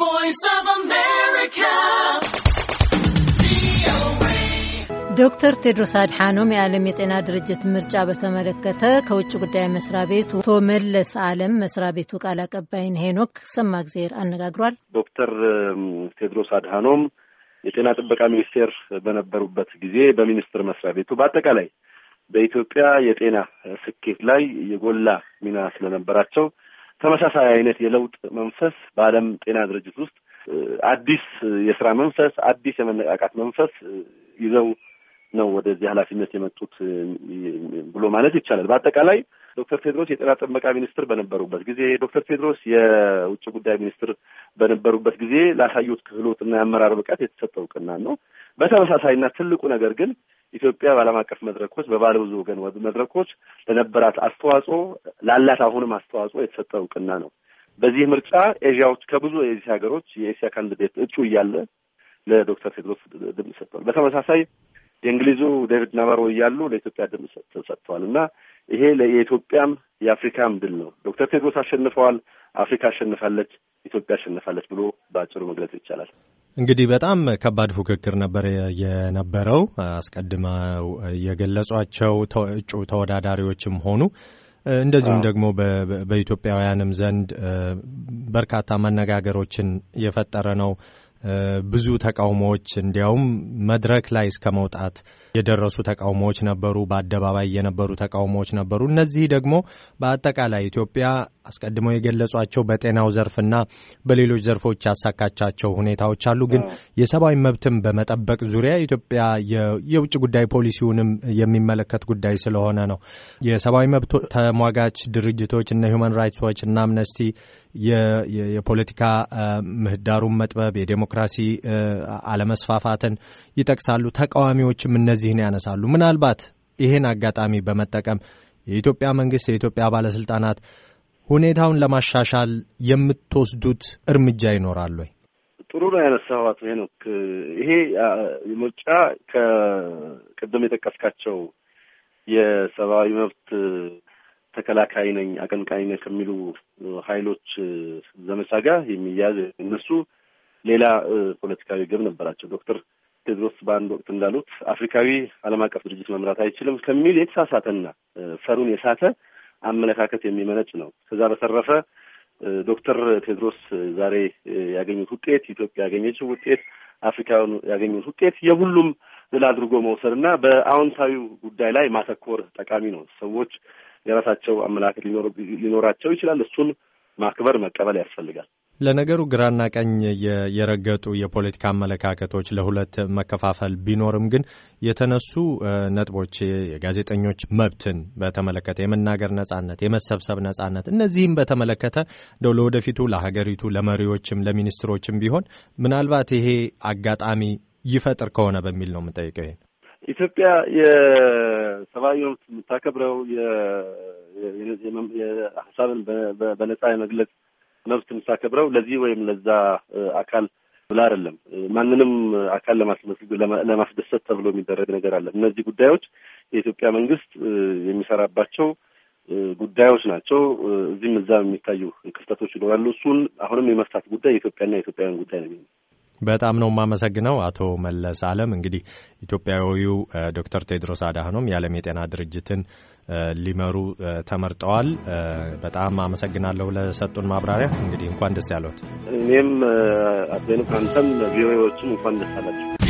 voice of America. ዶክተር ቴድሮስ አድሓኖም የዓለም የጤና ድርጅት ምርጫ በተመለከተ ከውጭ ጉዳይ መስሪያ ቤቱ አቶ መለስ አለም መስሪያ ቤቱ ቃል አቀባይን ሄኖክ ሰማእግዜር አነጋግሯል። ዶክተር ቴድሮስ አድሓኖም የጤና ጥበቃ ሚኒስቴር በነበሩበት ጊዜ በሚኒስቴር መስሪያ ቤቱ በአጠቃላይ በኢትዮጵያ የጤና ስኬት ላይ የጎላ ሚና ስለነበራቸው ተመሳሳይ አይነት የለውጥ መንፈስ በዓለም ጤና ድርጅት ውስጥ አዲስ የስራ መንፈስ፣ አዲስ የመነቃቃት መንፈስ ይዘው ነው ወደዚህ ኃላፊነት የመጡት ብሎ ማለት ይቻላል። በአጠቃላይ ዶክተር ቴድሮስ የጤና ጥበቃ ሚኒስትር በነበሩበት ጊዜ፣ ዶክተር ቴድሮስ የውጭ ጉዳይ ሚኒስትር በነበሩበት ጊዜ ላሳዩት ክህሎትና የአመራር ብቃት የተሰጠ እውቅና ነው። በተመሳሳይና ትልቁ ነገር ግን ኢትዮጵያ በዓለም አቀፍ መድረኮች በባለ ብዙ ወገን መድረኮች ለነበራት አስተዋጽኦ ላላት አሁንም አስተዋጽኦ የተሰጠ እውቅና ነው። በዚህ ምርጫ ኤዥያዎች ከብዙ የዚህ ሀገሮች የኤስያ ካንዲዴት እጩ እያለ ለዶክተር ቴድሮስ ድምፅ ሰጥተዋል። በተመሳሳይ የእንግሊዙ ዴቪድ ናባሮ እያሉ ለኢትዮጵያ ድምፅ ሰጥተዋል እና ይሄ የኢትዮጵያም የአፍሪካም ድል ነው። ዶክተር ቴድሮስ አሸንፈዋል፣ አፍሪካ አሸንፋለች፣ ኢትዮጵያ አሸንፋለች ብሎ በአጭሩ መግለጽ ይቻላል። እንግዲህ በጣም ከባድ ፉክክር ነበር የነበረው። አስቀድመው የገለጿቸው እጩ ተወዳዳሪዎችም ሆኑ እንደዚሁም ደግሞ በኢትዮጵያውያንም ዘንድ በርካታ መነጋገሮችን የፈጠረ ነው። ብዙ ተቃውሞዎች እንዲያውም መድረክ ላይ እስከ መውጣት የደረሱ ተቃውሞዎች ነበሩ። በአደባባይ የነበሩ ተቃውሞዎች ነበሩ። እነዚህ ደግሞ በአጠቃላይ ኢትዮጵያ አስቀድመው የገለጿቸው በጤናው ዘርፍና በሌሎች ዘርፎች ያሳካቻቸው ሁኔታዎች አሉ። ግን የሰብአዊ መብትን በመጠበቅ ዙሪያ ኢትዮጵያ የውጭ ጉዳይ ፖሊሲውንም የሚመለከት ጉዳይ ስለሆነ ነው። የሰብአዊ መብት ተሟጋች ድርጅቶች እነ ሁማን ራይትስ ዎች እና አምነስቲ የፖለቲካ ምህዳሩን መጥበብ፣ የዴሞክራሲ አለመስፋፋትን ይጠቅሳሉ። ተቃዋሚዎችም እነዚህን ያነሳሉ። ምናልባት ይህን አጋጣሚ በመጠቀም የኢትዮጵያ መንግስት የኢትዮጵያ ባለስልጣናት ሁኔታውን ለማሻሻል የምትወስዱት እርምጃ ይኖራል ወይ? ጥሩ ነው ያነሳኋት ነው ይሄ ምርጫ ከቅድም የጠቀስካቸው የሰብአዊ መብት ተከላካይ ነኝ አቀንቃኝ ነኝ ከሚሉ ኃይሎች ዘመቻ ጋር የሚያያዝ እነሱ ሌላ ፖለቲካዊ ግብ ነበራቸው። ዶክተር ቴድሮስ በአንድ ወቅት እንዳሉት አፍሪካዊ ዓለም አቀፍ ድርጅት መምራት አይችልም ከሚል የተሳሳተና ፈሩን የሳተ አመለካከት የሚመነጭ ነው። ከዛ በተረፈ ዶክተር ቴድሮስ ዛሬ ያገኙት ውጤት ኢትዮጵያ ያገኘችው ውጤት አፍሪካውያኑ ያገኙት ውጤት የሁሉም ድል አድርጎ መውሰድ እና በአዎንታዊ ጉዳይ ላይ ማተኮር ጠቃሚ ነው። ሰዎች የራሳቸው አመለካከት ሊኖራቸው ይችላል። እሱን ማክበር መቀበል ያስፈልጋል። ለነገሩ ግራና ቀኝ የረገጡ የፖለቲካ አመለካከቶች ለሁለት መከፋፈል ቢኖርም ግን የተነሱ ነጥቦች የጋዜጠኞች መብትን በተመለከተ፣ የመናገር ነጻነት፣ የመሰብሰብ ነጻነት እነዚህም በተመለከተ እንደው ለወደፊቱ ለሀገሪቱ ለመሪዎችም ለሚኒስትሮችም ቢሆን ምናልባት ይሄ አጋጣሚ ይፈጥር ከሆነ በሚል ነው የምንጠይቀው። ይሄን ኢትዮጵያ የሰብአዊ መብት የምታከብረው የሀሳብን በነጻ የመግለጽ መብትን ሳከብረው ለዚህ ወይም ለዛ አካል ብላ አይደለም። ማንንም አካል ለማስደሰት ተብሎ የሚደረግ ነገር አለ። እነዚህ ጉዳዮች የኢትዮጵያ መንግስት የሚሰራባቸው ጉዳዮች ናቸው። እዚህም እዛም የሚታዩ ክፍተቶች ይኖራሉ። እሱን አሁንም የመፍታት ጉዳይ የኢትዮጵያና የኢትዮጵያውያን ጉዳይ ነው። በጣም ነው የማመሰግነው አቶ መለስ አለም። እንግዲህ ኢትዮጵያዊው ዶክተር ቴድሮስ አድሃኖም የዓለም የጤና ድርጅትን ሊመሩ ተመርጠዋል። በጣም አመሰግናለሁ ለሰጡን ማብራሪያ። እንግዲህ እንኳን ደስ ያለዎት። እኔም አቤንም አንተም ቪኦኤዎችም እንኳን ደስ አላቸው።